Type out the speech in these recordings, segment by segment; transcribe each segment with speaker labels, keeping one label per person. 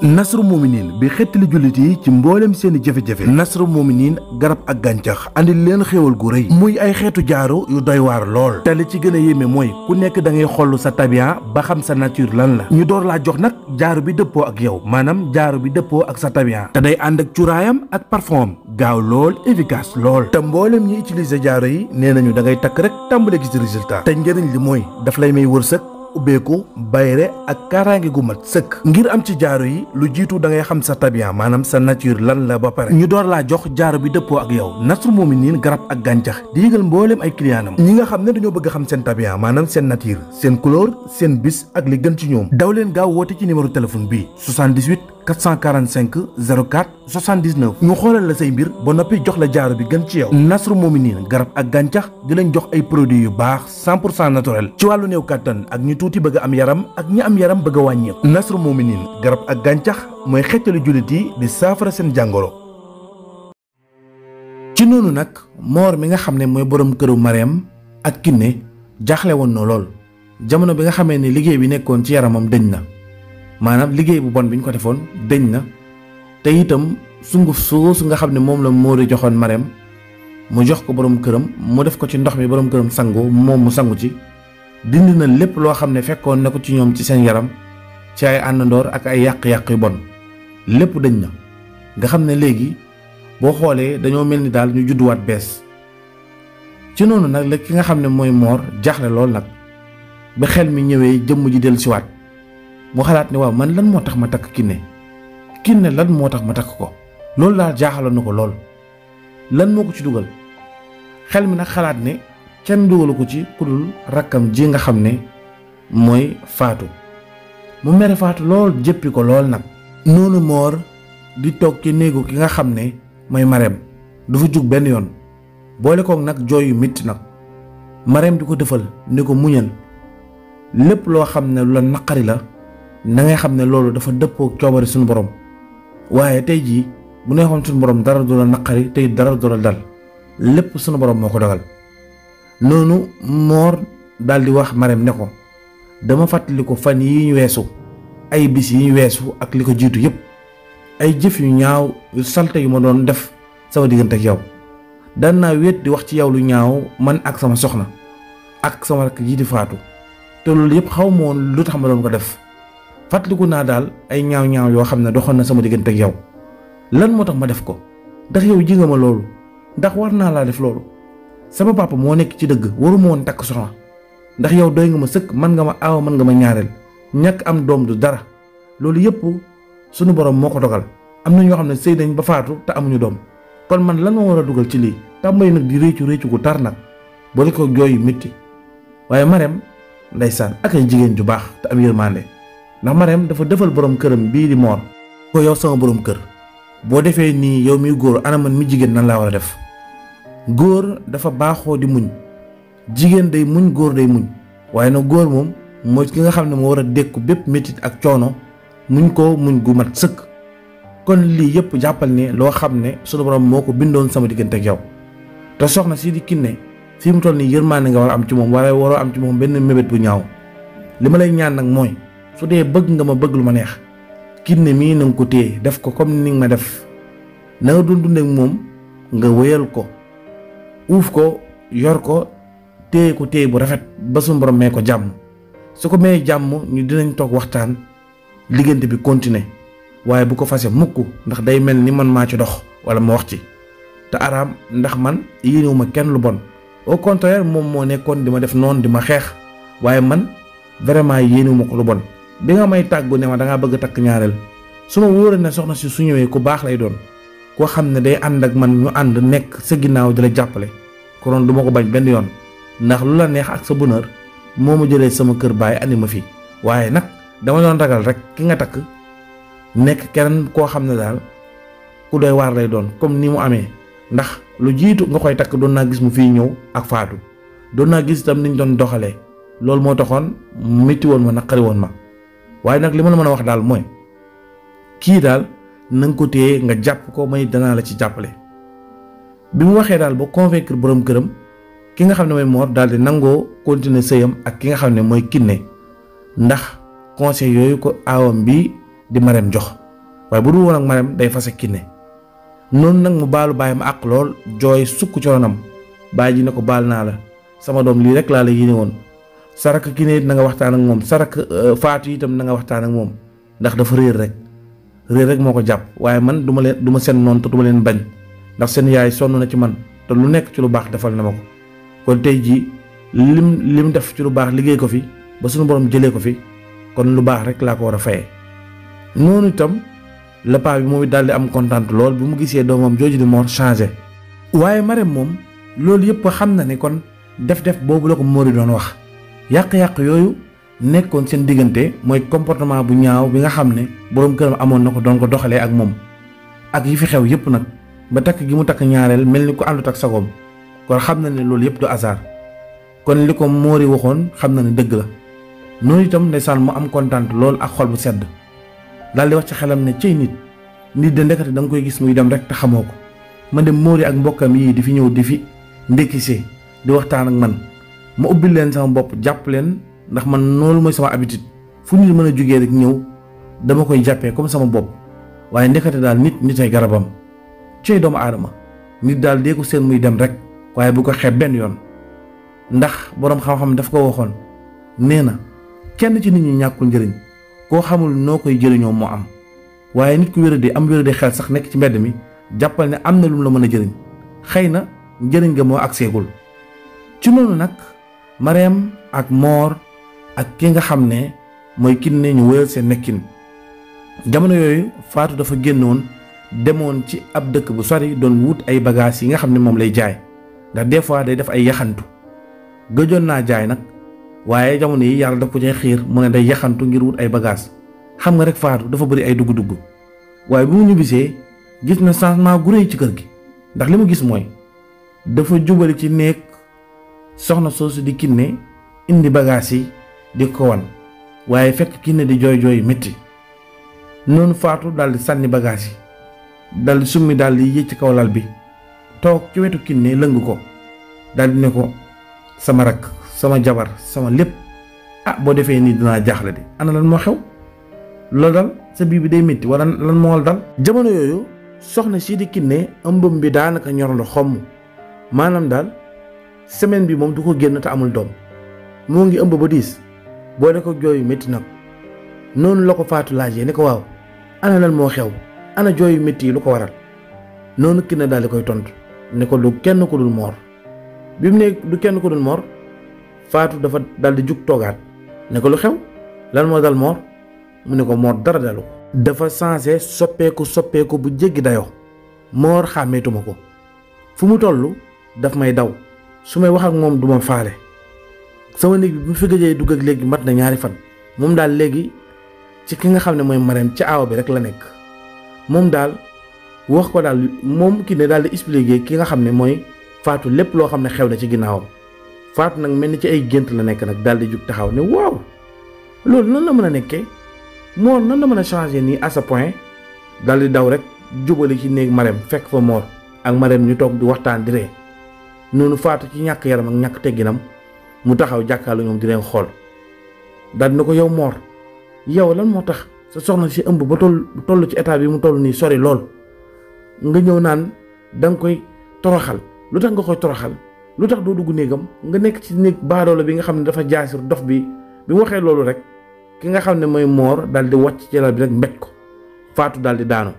Speaker 1: nasru muminin bi xettali jullit yi ci mbooleem seeni i jafe-jafe nasru muminin garab ak gàncax andi leen xéewal gu rëy muy ay xeetu jaaro yu doy waar lool te li ci gën a yéeme mooy ku nekk da ngay xoll sa tabian ba xam sa nature lan la ñu door laa jox nag jaaro bi dëppoo ak yow maanaam jaaro bi dëppoo ak sa tabian te day ànd ak cuuraayam ak parfum am gaaw lool efficace lool te mboolem ñi utiliser jaaro yi nee nañu da takk rek tàmbale gis résultat te njëriñ li mooy daf lay may wërsëg ubbeeku bayre ak kaaraange gu mat sëkk ngir am ci jaaro yi lu jiitu da ngay xam sa tabian maanaam sa nature lan la ba pare ñu door laa jox jaaro bi dëppoo ak yow Nasrul niin garab ak gàncax di yëgal mbooleem ay clientam ñi nga xam ne dañoo bëgg xam seen tabian maanaam seen nature seen couleur seen bis ak li gën ci ñoom daw leen gaaw woote ci numéro téléphone bi 78 445 04 79 ñu xoolal la say mbir ba noppi jox la jaaro bi gën ci yow Nasru Mominin garab ak gàncax di leen jox ay produit yu baax 100 cent naturel ci wàllu néew kàttan ak ñu tuuti bëgg am yaram ak ñi am yaram bëgg a wàññeeku Nasru Mominin garab ak gàncax mooy xettalu jullit yi di saafara seen jàngoro. ci noonu nag moor bi nga xam ne mooy borom këru Mariam ak Kiné jaaxle woon na lool jamono bi nga xamee ne liggéey bi nekkoon ci yaramam dëñ na. maanaam liggéey bu bon bi ñu ko defoon deñ na te itam sunguf soosu nga xam ne moom la Móodu joxoon Mareem mu jox ko boroom këram mu def ko ci ndox mi borom këram sangoo moom mu sangu ci dindi na lépp loo xam ne fekkoon na ko ci ñoom ci seen yaram ci ay àndandoor ak ay yàq-yàq yu bon lépp dañ na nga xam ne léegi boo xoolee dañoo mel ni daal ñu judduwaat bees ci noonu nag la ki nga xam ne mooy moor jaaxle lool nag ba xel mi ñëwee jëmm ji dellu dellusiwaat mu xalaat ni waaw man lan moo tax ma takk kinne kinne lan moo tax ma takk ko loolu daal jaaxaloon na ko lool lan moo ko ci dugal xel mi nag xalaat ne kenn dugalu ko ci ku dul rakkam ji nga xam ne mooy faatu mu mere faatu lool jëppi ko lool nag noonu moor di toog ci néegu ki nga xam ne mooy mareem du fa jug benn yoon boole kook nag jooy yu mitti nag mareem di ko defal ne ko muñal lépp loo xam ne lu la naqari la na ngay xam ne loolu dafa dëppook coobari suñu borom waaye tey jii bu neexoon suñu borom dara du la naqari tey dara du la dal lépp suñu borom moo ko dogal noonu moor daldi wax Marème ne ko dama fàttali ko fan yi ñu weesu ay bis yi ñu weesu ak li ko jiitu yëpp ay jëf yu ñaaw yu salte yu ma doon def sama diggante ak yow daan naa wéet di wax ci yow lu ñaaw man ak sama soxna ak sama rakk ji di faatu te loolu yëpp xaw ma woon lu tax ma doon ko def fàttaliku naa daal ay ñaaw-ñaaw yoo xam ne doxoon na sama diggante yow lan moo tax ma def ko ndax yow ji nga ma loolu ndax war naa laa def loolu sama papa moo nekk ci dëgg waruma woon takk soxna ndax yow doy nga ma sëkk man nga ma aaw mën nga ma ñaareel ñàkk am doom du dara loolu yëpp sunu borom moo ko dogal am na ñoo xam ne sëy nañ ba faatu te amuñu doom kon man lan ma war a dugal ci lii tàmbali nag di réycu réccu gu tar nag boole ko jooy yu waaye Marème ndeysaan ak ay jigéen ju baax te am yërmande ndax Marème dafa defal boroom këram bii di Mor. ko yow sama boroom kër boo defee nii yow miy góor ana man mi jigéen nan laa war a def góor dafa baaxoo di muñ jigéen day muñ góor day muñ waaye nag góor moom mooy ki nga xam ne moo war a dékku bépp métit ak coono muñ koo muñ gu mat sëkk. kon lii yëpp jàppal ne loo xam ne sunu borom moo ko bindoon sama diggante ak yow te soxna sii di kinne fii mu toll nii yërmaande nga war a am ci moom wala waroo am ci moom benn mébét bu ñaaw li ma lay ñaan nag su dee bëgg nga ma bëgg lu ma neex kinne mii na nga ko téye def ko comme ni ma def na nga doon moom nga wéyal ko uuf ko yor ko téye ko téye bu rafet ba suñu mee ko jàmm su ko mee jàmm ñu dinañ toog waxtaan liggante bi continuer waaye bu ko fase mukk ndax day mel ni man maa ci dox wala ma wax ci te araam ndax man yéenewuma kenn lu bon au moom moo nekkoon di ma def noonu di ma xeex waaye man vraiment yéenewuma ko lu bon bi nga may tàggu ne ma da bëgg takk ñaareel su ma wóoree ne soxna si su ñëwee ku baax lay doon koo xam ne day ànd ak man ñu ànd nekk sa ginnaaw di la jàppale konoon du ma ko bañ benn yoon ndax lu la neex ak sa bonheur moo ma jëlee sama kër baay andi ma fi waaye nag dama doon ragal rek ki nga takk nekk keneen koo xam ne daal ku doy waar lay doon comme ni mu amee ndax lu jiitu nga koy takk doon naa gis mu fii ñëw ak faatu doon naa gis itam niñ doon doxalee loolu moo taxoon métti ma naqari ma. waaye nag li ma la mën a wax daal mooy kii daal na ko téye nga jàpp ko may danaa la ci jàppale bi mu waxee daal ba convaincre borom këram ki nga xam ne mooy Mor daal di nangoo continuer sëyam ak ki nga xam ne mooy Kiné ndax conseil yooyu ko aawam bi di Marème jox waaye bu dul woon ak Marème day fase Kiné noonu nag mu baalu baayam àq lool jooy sukk coronam baay ji ne ko baal naa la sama doom lii rek laa la yéene woon sarak ki ne na nga waxtaan ak moom sarak euh, faatu itam nanga waxtaan ak moom ndax dafa réer rek réer rek moo ko jàpp waaye man duma ma leen du ma seen noonu te du ma leen bañ ndax seen yaay sonn na ci man te lu nekk ci lu baax defal na ma ko kon tey jii lim lim def ci lu baax liggéey ko fi ba suñu borom jëlee ko fi kon lu baax rek laa ko war a fayee noonu itam la bi moom it daal di am kontaan lool bu mu gisee doomam jooju di Mor changé waaye Marème moom loolu yëpp xam na ne kon def-def boobu la ko Mori doon wax. yàq-yàq yooyu nekkoon seen diggante mooy comportement bu ñaaw bi nga xam ne boroom këram amoon na ko doon ko doxalee ak moom ak yi fi xew yépp nag ba takk gi mu takk ñaareel mel ni ku àndut ak sagoom kon xam na ne loolu yépp du hasard kon li ko Mori waxoon xam na ne dëgg la noonu itam ndeysaan mu am kontaan loolu ak xol bu sedd daal di wax ci xelam ne cey nit nit de ndekete da nga koy gis muy dem rek te xamoo ko ma dem Mori ak mbokkam yii di fi ñëw di fi ndékkisee di waxtaan ak man. ma ubbi leen sama bopp jàpp leen ndax man noonu mooy sama habitude fu nit mën a jugee rek ñëw dama koy jàppee comme sama bopp waaye ndekete daal nit nit ay garabam cey doomu aadama nit daal dee seen muy dem rek waaye bu ko xeeb benn yoon ndax boroom xam daf ko waxoon nee na kenn ci nit ñi ñàkkul njëriñ koo xamul noo koy jëriñoo moo am waaye nit ku wéradi am wéradi xel sax nekk ci mbedd mi jàppal ne am na lu la mën a jëriñ xëy na njëriñ nga moo agseegul ci noonu nag mareem ak moor ak ki nga xam ne mooy ne ñu wëyal seen nekkin jamono yooyu faatu dafa génnoon demoon ci ab dëkk bu sori doon wut ay bagages yi nga xam ne moom lay jaay ndax des fois day def ay yaxantu gëjoon naa jaay nag waaye jamono yi yàlla daf ko cay xiir mu ne day yaxantu ngir wut ay bagages xam nga rek faatu dafa bëri ay dugg-dugg waaye bi mu ñibbisee gis na changement gu rëy ci kër gi ndax li mu gis mooy dafa jubali ci néeg soxna soosu di kinne indi bagaas yi di ko waaye fekk kinne di jooy jooy metti noonu faatu daal di sànni bagaas yi daal di summi daal di ci kaw lal bi toog ci wetu kinne lëng ko daal ne ko sama rakk sama jabar sama lépp ah boo defee nii dinaa jaaxle de ana lan moo xew loolu dal sa biir bi day metti wala lan moo dal. jamono yooyu soxna sii di kinne ëmbam bi daanaka ñor xomm maanaam daal. semaine bi moom du ko génn te amul doom moo ngi ëmb ba diis boo ne ko jooyu métti na ko noonu la ko faatu laajee ne ko waaw ana lan moo xew ana jooyu métti yi lu ko waral noonu ki na daal di koy tontu ne ko lu kenn ko dul moor bi mu ne du kenn ko dul moor faatu dafa daal di jug toogaat ne ko lu xew lan moo dal moor mu ne ko moor dara dalu ko dafa changé soppeeku soppeeku bu jéggi dayoo moor xàmmeetuma ko fu mu toll daf may daw su may wax ak moom du ma faale sama néeg bi bu fi gëjee dugg ak léegi mat na ñaari fan moom daal léegi ci ki nga xam ne mooy mareem ci aaw bi rek la nekk moom daal wax ko daal moom ki ne daal di expliquer ki nga xam ne mooy faatu lépp loo xam ne xew na ci ginnaawam faatu nag mel ni ci ay gént la nekk nag daal di jug taxaw ne waaw loolu nan la mën a nekkee moor nan la mën a changer nii à daal di daw rek jubali ci néeg mareem fekk fa moor ak mareem ñu toog di waxtaan di ree noonu faatu ci ñàkk yaram ak ñàkk tegginam mu taxaw jàkkaarloo ñoom di leen xool daal na ko yow moor yow lan moo tax sa soxna si ëmb ba toll toll ci état bi mu toll nii sori lool nga ñëw naan danga koy toroxal lu tax nga koy toroxal lu tax doo dugg néegam nga nekk ci néeg baadoola bi nga xam ne dafa jaasir dof bi bi waxee loolu rek ki nga xam ne mooy moor daal di wàcc ci lal bi rek mbéj ko faatu daal di daanu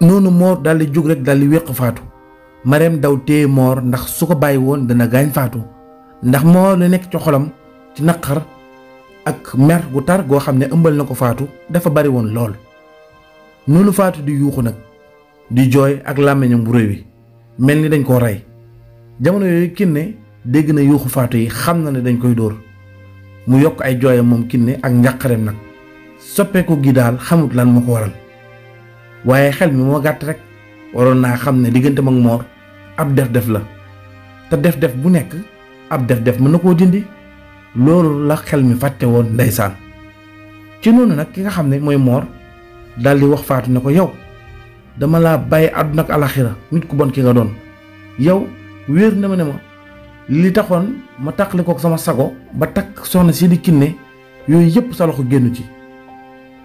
Speaker 1: noonu moor daal di jóg rek daal di wéq faatu Marème daw téye Mor ndax su ko bàyyi woon dana gaañ faatu ndax Mor la nekk ci xolam ci naqar ak mer gu tar goo xam ne ëmbal na ko faatu dafa bari woon lool noonu faatu di yuuxu nag di jooy ak làmmiñam wu réew wi mel ni dañ koo rey jamono yooyu kinne dégg na yuuxu faatu yi xam na ne dañ koy dóor mu yokk ay jooyam moom kinne ak njàqareem nag soppeeku gi daal xamut lan moo ko waral waaye xel mi moo gàtt rek waroon naa xam ne diggante mag moor ab def-def la te def-def bu nekk ab def-def mën na koo dindi loolu la xel mi fàtte woon ndeysaan ci noonu nag ki nga xam ne mooy moor daal di wax faatu ne ko yow dama laa bàyyi àdduna ak alaxira nit ku bon ki nga doon yow wéer na ma ne ma li taxoon ma taqali kook sama sago ba takk soxna si di kinne yooyu yëpp sa loxo génn ci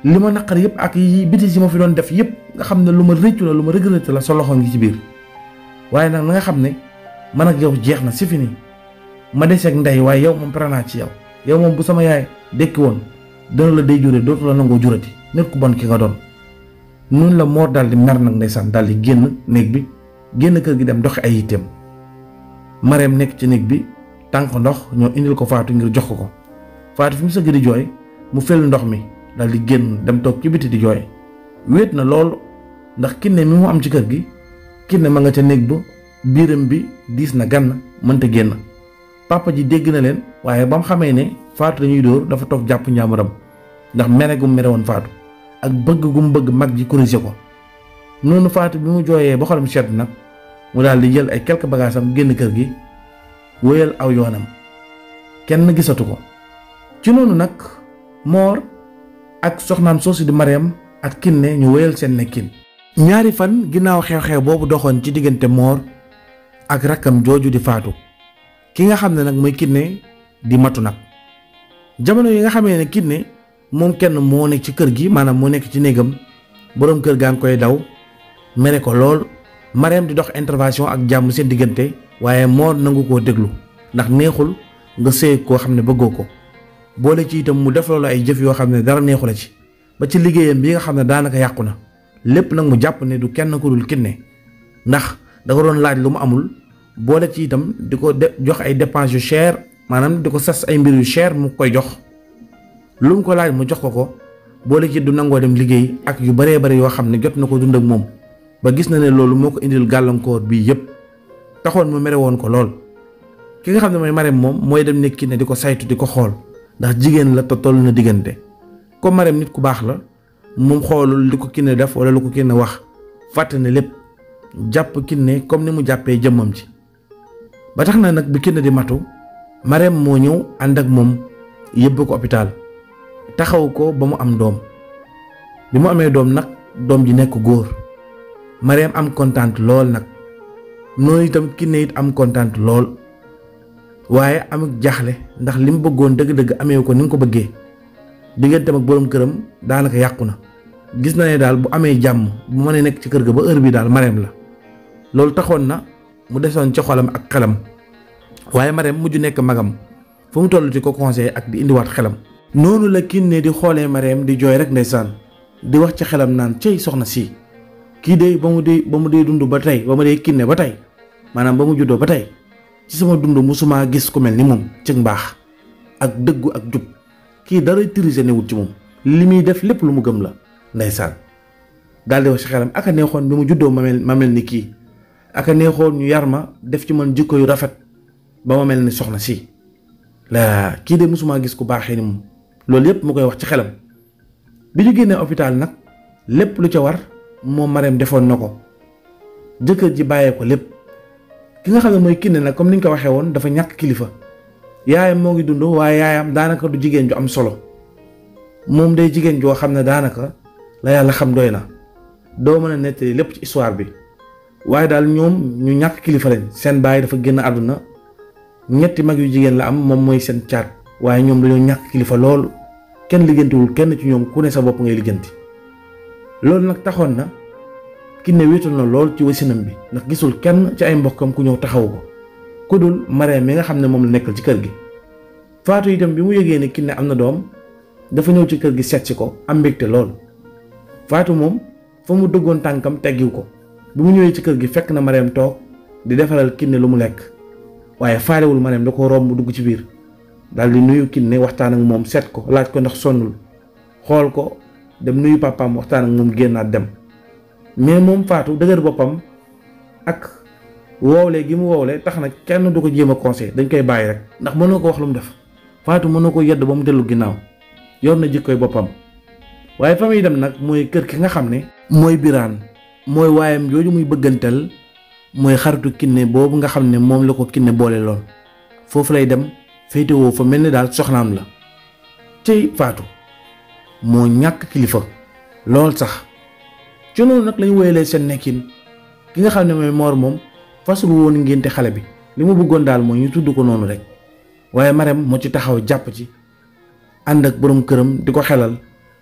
Speaker 1: li ma naqar yëpp ak yi bitis yi ma fi doon def yëpp nga xam ne lu ma rëccu la lu ma regretté la sa loxo ngi ci biir waaye nag na nga xam ne man ak yow jeex na c'est fini ma des ak ndey waaye yow moom pare naa ci yow yow moom bu sama yaay dekki woon dana la day jure dootu la nangoo jurati nekku ku bon ki nga doon nun la moor daal di mer nag ndeysaan daal di génn néeg bi génn kër gi dem doxi ay yitteem mareem nekk ci néeg bi tànk ndox ñoo indil ko faatu ngir jox ko ko faatu fi mu sëgg di jooy mu fel ndox mi daal di génn dem toog ci biti di jooy wéet na lool ndax kinne mi mu am ci kër gi kinne ma nga ca néeg ba biiram bi diis na gann mënta génn papa ji dégg na leen waaye ba mu xamee ne faatu dañuy dóor dafa toog jàpp njaamuram ndax mere gu mu woon faatu ak bëgg gu bëgg mag ji corrigé ko noonu faatu bi mu jooyee ba xolam sedd nag mu daal di jël ay quelques bagages am génn kër gi wéyal aw yoonam kenn gisatu ko ci noonu nag moor ak soxnaan soosu di Mariam ak kinne ñu wéyal seen nekkin ñaari fan ginnaaw xew-xew boobu doxoon ci diggante moor ak rakkam jooju di faatu ki nga xam ne nag mooy Kiné di matu nag jamono yi nga xamee ne ne moom kenn moo nekk ci kër gi maanaam moo nekk ci néegam boroom kër gaa ngi koy daw mere ko lool Marème di dox intervention ak jàmm seen diggante waaye moor nangu koo déglu ndax neexul nga sëy koo xam ne bëggoo ko boole ci itam mu def loolu ay jëf yoo xam ne dara neexu la ci ba ci liggéeyam bi nga xam ne daanaka yàqu na lépp nag mu jàpp ne du kenn ku dul ne ndax da doon laaj lu mu amul boole ci itam di ko jox ay dépenses yu cher maanaam di ko sas ay mbir yu cher mu koy jox lu mu ko laaj mu jox ko ko boole ci du nangoo dem liggéey ak yu baree bari yoo xam ne jot na ko dund ak moom ba gis na ne loolu moo ko indil gàllankoor bii yépp taxoon mu mere woon ko lool ki nga xam ne mooy Marème moom mooy dem ne di ko saytu di ko xool ndax jigéen la te toll na diggante comme nit ku baax la. moom xoolul li ko kinne def wala lu ko kinne wax fàtte ne lépp jàpp kinne comme ni mu jàppee jëmmam ci ba tax na nag bi kinne di matu mareem moo ñëw ànd ak moom yëbb ko hôpital taxaw ko ba mu am doom bi mu amee doom nag doom ji nekk góor mareem am kontant lool nag noonu itam kinne it am kontant lool waaye amuk jaaxle ndax li mu bëggoon dëgg-dëgg amee ko ni nga ko bëggee digganteem ak boroom këram daanaka yàqu na gis na ne daal bu amee jàmm bu mënee nekk ci kër gi ba heure bi daal mareem la loolu taxoon na mu desoon ci xolam ak xelam waaye mareem mujj nekk magam fu mu toll ci ko conseillé ak bi indiwaat xelam. noonu la ne di xoolee mareem di jooy rek ndeysaan di wax ci xelam naan cey soxna si kii de ba mu dee ba mu dee dund ba tey ba mu dee Kiné ba tey maanaam ba mu juddoo ba tey ci sama dund musuma gis ku mel ni moom ci mbaax ak dëggu ak jub kii dara newul ci moom li muy def lépp lu mu gëm la. ndeysaan daal di wax si xelam aka neexoon bi mu juddoo ma mel ma mel ni kii aka neexoon ñu yar ma def ci man jikko yu rafet ba ma mel ni soxna si laa kii de mësumaa gis ku baaxee ni moom loolu yëpp mu koy wax ci xelam bi ñu génnee hôpital nag lépp lu ca war moom Marème defoon na ko jëkkër ji bàyyee ko lépp ki nga xam ne mooy Kiné na comme ni ko waxee woon dafa ñàkk kilifa yaayam moo ngi dund waaye yaayam daanaka du jigéen ju am solo moom day la yàlla xam doy na doo mën a nettali lépp ci histoire bi waaye daal ñoom ñu ñàkk kilifa lañ seen baay dafa génn àdduna ñetti mag yu jigéen la am moom mooy seen caat waaye ñoom dañu ñàkk kilifa lool kenn liggantiwul kenn ci ñoom ku ne sa bopp ngay ligganti loolu nag taxoon na Kiné wéetul na lool ci wasinam bi ndax gisul kenn ci ay mbokkam ku ñëw taxawu ko ku dul Marème mi nga xam ne moom la nekkal ci kër gi Faatu itam bi mu yëgee ne Kiné am na doom dafa ñëw ci kër gi seet si ko am lool faatu moom fa mu duggoon tànkam teggiw ko bi mu ñëwee ci kër gi fekk na Marème toog di defaral kinne lu mu lekk waaye faalewul Marème da ko romb dugg ci biir daal di nuyu kinne waxtaan ak moom seet ko laaj ko ndax sonnul xool ko dem nuyu papaam waxtaan ak moom génnaat dem mais moom faatu dëgër boppam ak woowle gi mu woowle tax na kenn du ko jéem a conseil dañ koy bàyyi rek ndax mënoo ko wax lu mu def Fatou mënoo ko yedd ba mu dellu ginnaaw yor na jikkoy boppam waaye fa dem nag mooy kër ki nga xam ne mooy biraan mooy waayam jooju muy bëggantal mooy xaritu kinne boobu nga xam ne moom la ko kinne boole loon foofu lay dem féetewoo fa mel ni daal soxnaam la cey faatu moo ñàkk kilifa lool sax ci noonu nag lañu wéyalee seen nekkin ki nga xam ne mooy moor moom fasul woon ngénte xale bi li mu bëggoon daal mooy ñu tudd ko noonu rek waaye Marème moo ci taxaw jàpp ci ànd ak boroom këram di ko xelal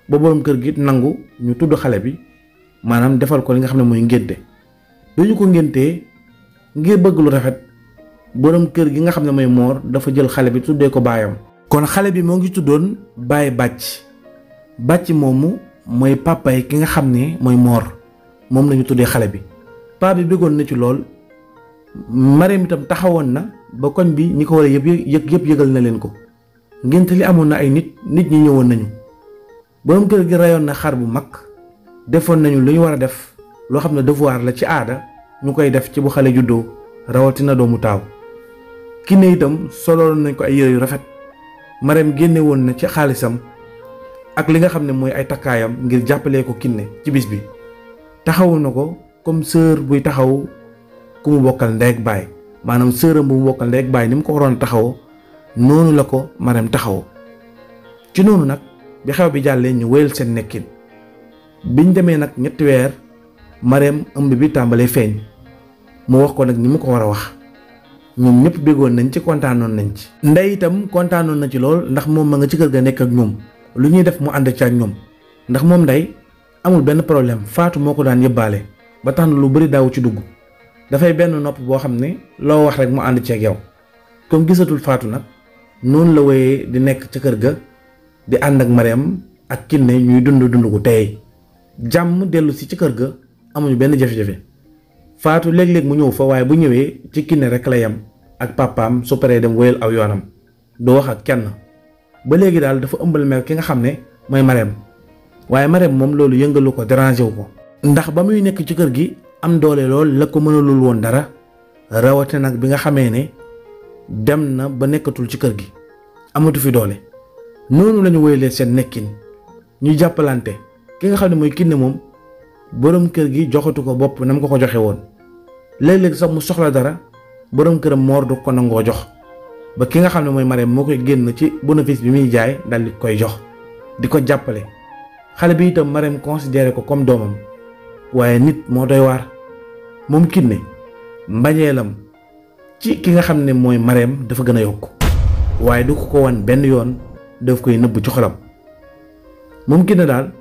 Speaker 1: ba borom kër gi nangu ñu tudd xale bi maanaam defal ko li nga xam ne mooy ngénte bi ko ngéntee ngir bëgg lu rafet borom kër gi nga xam ne mooy moor dafa jël xale bi tuddee ko baayam kon xale bi moo ngi tuddoon baay bàcc bàcc moomu mooy pàppaay ki nga xam ne mooy moor moom lañu tuddee xale bi paa bi bëggoon na ci lool Marème itam taxawoon na ba koñ bi ñi ko war a yëpp yëg yëpp yëgal na leen ko ngénte li amoon na ay nit nit ñi ñëwoon nañu borom kër gi reyoon na xar bu mag defoon nañu lu ñu war a def loo xam ne devoir la ci aada ñu koy def ci bu xale juddoo rawatina doomu taaw ki ne itam soloon nañ ko ay yére yu rafet mareem génne woon na ci xaalisam ak li nga xam ne mooy ay takkaayam ngir jàppalee ko kinne ci bis bi taxawu na ko comme sœur buy taxaw ku mu bokkal ndey ak baay maanaam sëram bu mu bokkal ndey ak baay ni mu ko waroon a taxawoo noonu la ko mareem taxawoo ci noonu bi xew bi jàllee ñu wéyal seen nekkin biñ demee nag ñetti weer mareem ëmb bi tàmbalee feeñ mu wax ko nag ni mu ko war a wax moom ñëpp béggoon nañ ci kontaanoon nañ ci. ndey itam kontaanoon na ci lool ndax moom ma nga ci kër ga nekk ak moom lu ñuy def mu ànd ci ak ñoom ndax moom ndey amul benn problème faatu moo ko daan yëbbaale ba tax na lu bëri daawu ci dugg dafay benn nopp boo xam ne loo wax rek mu ànd ci ak yow comme gisatul faatu nag noonu la wéyee di nekk ca kër ga. di ànd ak Mariam ak Kiné ñuy dund dund ko tey jàmm dellu si ci kër ga amuñu benn jafe-jafe Faatu léeg-léeg mu ñëw fa waaye bu ñëwee ci Kiné rek la yem ak papaam su paree dem wéyal aw yoonam du wax ak kenn ba léegi daal dafa ëmbal mer ki nga xam ne may Mariam waaye Mariam moom loolu yëngalu ko dérangé wu ko. ndax ba muy nekk ci kër gi am doole lool la ko mënalul woon dara rawate nag bi nga xamee ne dem na ba nekkatul ci kër gi amatu fi doole. noonu la ñu woyalee seen nekkin ñu jàppalante ki nga xam ne mooy Kiné moom borom kër gi joxatu ko bopp na mu ko ko joxe woon léeg-léeg sax mu soxla dara borom këram moor du ko nangoo jox ba ki nga xam ne mooy Marème moo koy génn ci bénéfice bi muy jaay daal di koy jox di ko jàppale xale bi itam Marème considéré ko comme doomam waaye nit moo doy waar moom Kiné mbañeelam ci ki nga xam ne mooy Marème dafa gën a yokk waaye du ko ko wan benn yoon daf koy nëbb ci xolam moom Kiné daal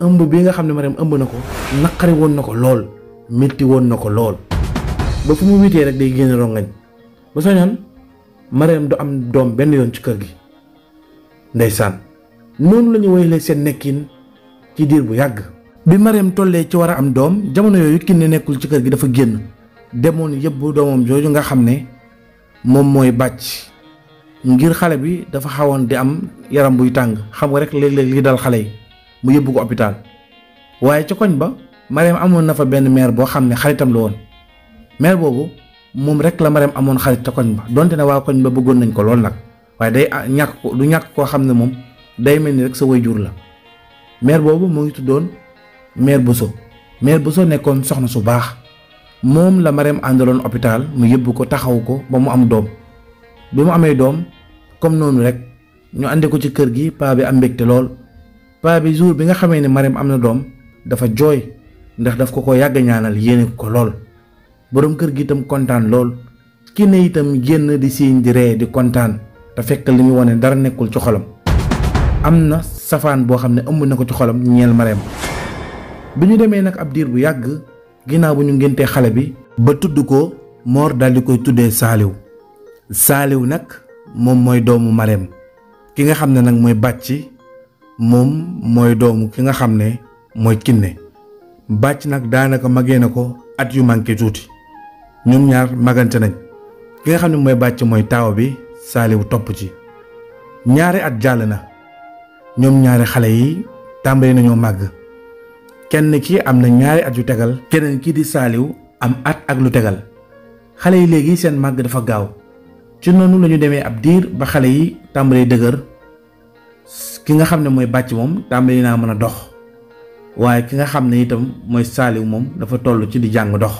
Speaker 1: ëmb bii nga xam ne Marème ëmb na ko naqari woon na ko lool métti woon na ko lool ba fu mu witee rek day génn rongañ ba soñoon Marème du am doom benn yoon ci kër gi ndeysaan noonu lañu ñu seen nekkin ci diir bu yàgg bi Marème tollee ci war a am doom jamono yooyu Kiné nekkul ci kër gi dafa génn demoon yëbb doomam jooju nga xam ne moom mooy bàcc ngir xale bi dafa xawoon di am yaram buy tàng xam nga rek léeg-léeg li dal xale yi mu yóbbu ko hôpital waaye ca koñ ba Marème amoon na fa benn maire boo xam ne xaritam la woon maire boobu moom rek la Marème amoon xarit ca koñ ba donte ne waa koñ ba bëggoon nañ ko lool nag waaye day ah, ñàkk ko du ñàkk koo xam ne moom day mel ni rek sa jur la maire boobu mu ngi tuddoon maire Bousso maire Bousso nekkoon soxna su baax moom la Marème àndaloon hôpital mu yóbbu ko taxaw ko ba mu am doom. bi mu amee doom comme noonu rek ñu àndi ko ci kër gi paa bi am mbégte lool paa bi jour bi nga xamee ne Marème am na doom dafa jooy ndax daf ko ko yàgg ñaanal yéene ko lool boroom kër gi itam kontaan lool ki ne itam génn di siiñ di ree di kontaan te fekk li muy wane dara nekkul ci xolam am na safaan boo xam ne ëmb na ko ci xolam ñeel Marème bi ñu demee nag ab diir bu yàgg ginnaaw bu ñu ngéntee xale bi ba tudd ko moor daal di koy tuddee Saaliw saaliw nag moom mooy doomu mareem ki nga xam ne nag mooy bàcc moom mooy doomu ki nga xam ne mooy ne bàcc nag daanaka magee na ko at yu manqué tuuti ñoom ñaar magante nañ ki nga xam ne mooy bàcc mooy taaw bi saaliw topp ci ñaari at jàll na ñoom ñaari xale yi tàmbali nañoo màgg kenn ki am na ñaari at yu tegal keneen kii di saaliw am at ak lu tegal xale yi léegi seen màgg dafa gaaw ci noonu la ñu demee ab diir ba xale yi tàmbalee dëgër ki nga xam ne mooy bàcc moom tàmbali naa mën a dox waaye ki nga xam ne itam mooy saaliw moom dafa toll ci di jàng dox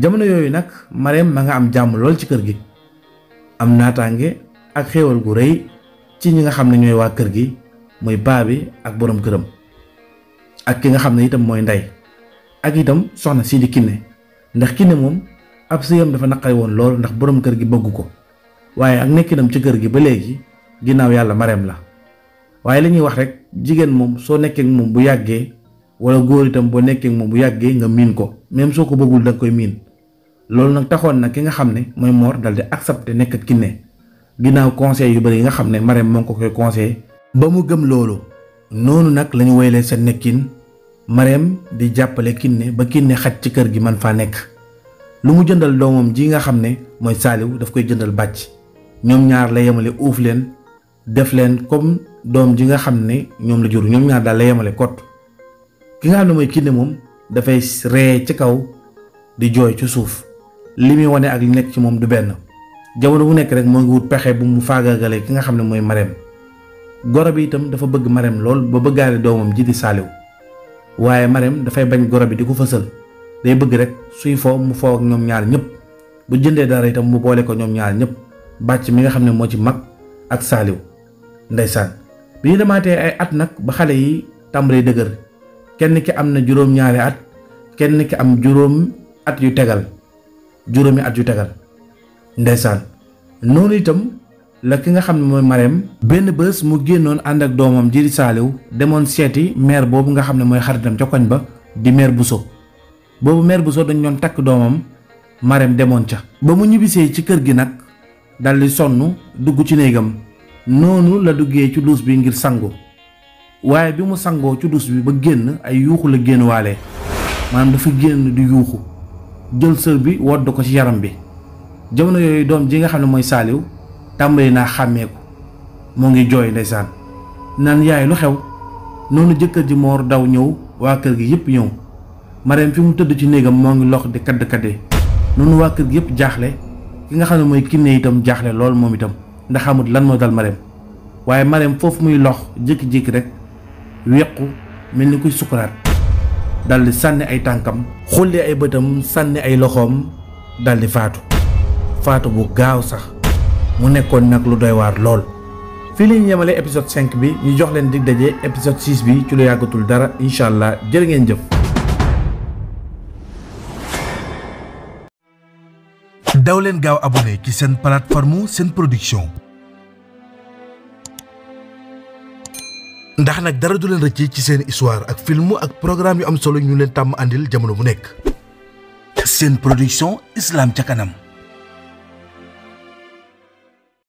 Speaker 1: jamono yooyu nag Marème ma nga am jàmm lool ci kër gi am naataange ak xéewal gu rëy ci ñi nga xam ne ñooy waa kër gi mooy baa bi ak boroom këram ak ki nga xam ne itam mooy ndey ak itam soxna si di kinne ndax kinne moom ab sëyam dafa naqari woon loolu ndax boroom kër gi bëgg ko waaye ak nekkinam ci kër gi ba léegi ginnaaw yàlla mareem la waaye li ñuy wax rek jigéen moom soo nekkee moom bu yàggee wala góor itam boo nekkee moom bu yàggee nga miin ko même soo ko bëggul da koy miin loolu nag taxoon na ki nga xam ne mooy moor dal di accepté nekk ak Kiné ginnaaw conseil yu bëri yi nga xam ne Marème moo ko koy conseillé ba mu gëm loolu noonu nag la ñu seen sa nekkin Marème di jàppale Kiné ba Kiné xaj ci kër gi man faa nekk lu mu jëndal doomam ji nga xam ne mooy saaliw daf koy jëndal bàcc ñoom ñaar la yemale uuf leen def leen comme doom ji nga xam ne ñoom la jur ñoom ñaar daal la yemale kot ki nga xam ne mooy kinde moom dafay ree ci kaw di jooy ci suuf li muy wane ak li nekk ci moom du benn jamono bu nekk rek moo ngi wut pexe bu mu faagaagalee ki nga xam ne mooy mareem goro bi itam dafa bëgg mareem lool ba bëggaale doomam ji di saaliw waaye mareem dafay bañ goro bi di ko fësal day bëgg rek suy fo mu foo ak ñoom ñaar ñëpp bu jëndee dara itam mu boole ko ñoom ñaar ñëpp bàcc mi nga xam ne moo ci mag ak saaliw ndeysaan bi ñu demaatee ay at nag ba xale yi tàmbalee dëgër kenn ki am na juróom-ñaari at kenn ki am juróom at yu tegal juróomi at yu tegal ndeysaan noonu itam la ki nga xam ne mooy mareem benn bés mu génnoon ànd ak doomam ji di saaliw demoon seeti meer boobu nga xam ne mooy xaritam ca koñ ba di maire Bousso boobu mère bu soo dañ doon takk doomam marem demoon ca ba mu ñibbisee ci kër gi nag daldi sonn dugg ci néegam noonu la duggee ci duus bi ngir sangu waaye bi mu sangoo ci duus bi ba génn ay yuuxu la génn waale maanaam dafa génn di yuuxu jël sër bi wodd ko ci yaram bi jamono yooyu doom ji nga xam ne mooy saaliw tàmbali naa xàmmeeku moo ngi jooy ndeysaan naan yaay lu xew noonu jëkkër ji moor daw ñëw waa kër gi yépp ñëw Marème fi mu tëdd ci néegam moo ngi lox di kadd kaddee noonu waa kër gi yëpp jaaxle ki nga xam ne mooy kinne itam jaaxle lool moom itam ndax amut lan moo dal Marème waaye Marème foofu muy lox jékki-jékki rek wequ mel ni kuy sukuraat dal di sànni ay tànkam xulli ay bëtam sànni ay loxoom dal di faatu faatu bu gaaw sax mu nekkoon nag lu doy waar lool fii la ñu yemale épisode bi ñu jox leen dig daje épisode 6 bi ci lu yàggatul dara incha allah jërë ngeen jëf daw leen gaaw abonné ci seen plateforme seen production ndax nag dara du leen rëcc ci seen histoire ak film ak programme yu am solo ñu leen tàmm àndil jamono bu nekk seen production Islam ca kanam